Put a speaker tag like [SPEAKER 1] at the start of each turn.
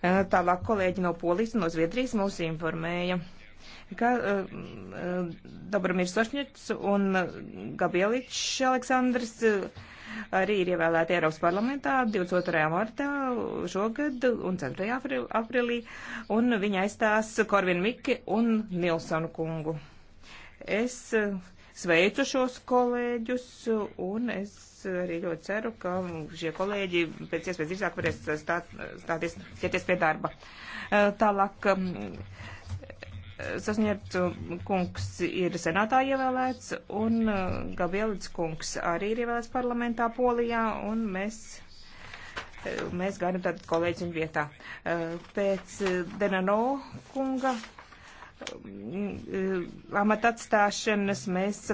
[SPEAKER 1] Eh, tālāk kolēģi no Polijas un no Zviedrijas mūs informēja ka uh, eh, eh, Dobramirs Sošņets un Gabieličs Aleksandrs arī ir ievēlēti Eiropas parlamentā 22. martā šogad un 4. aprilī, un viņa aizstās Korvin Miki un Nilsonu kungu. Es uh, sveicu šos kolēģus, un es arī ļoti ceru, ka šie kolēģi pēc iespējas drīzāk varēs stāt, stāties, ķerties pie darba. Eh, tālāk, mm, Sasniegt mm, kungs ir senātā ievēlēts, un eh, Gabrielits kungs arī ir ievēlēts parlamentā Polijā, un mēs eh, mēs gaidām tātad kolēģi viņu vietā. Pēc Denano kunga mm,
[SPEAKER 2] amata atstāšanas mēs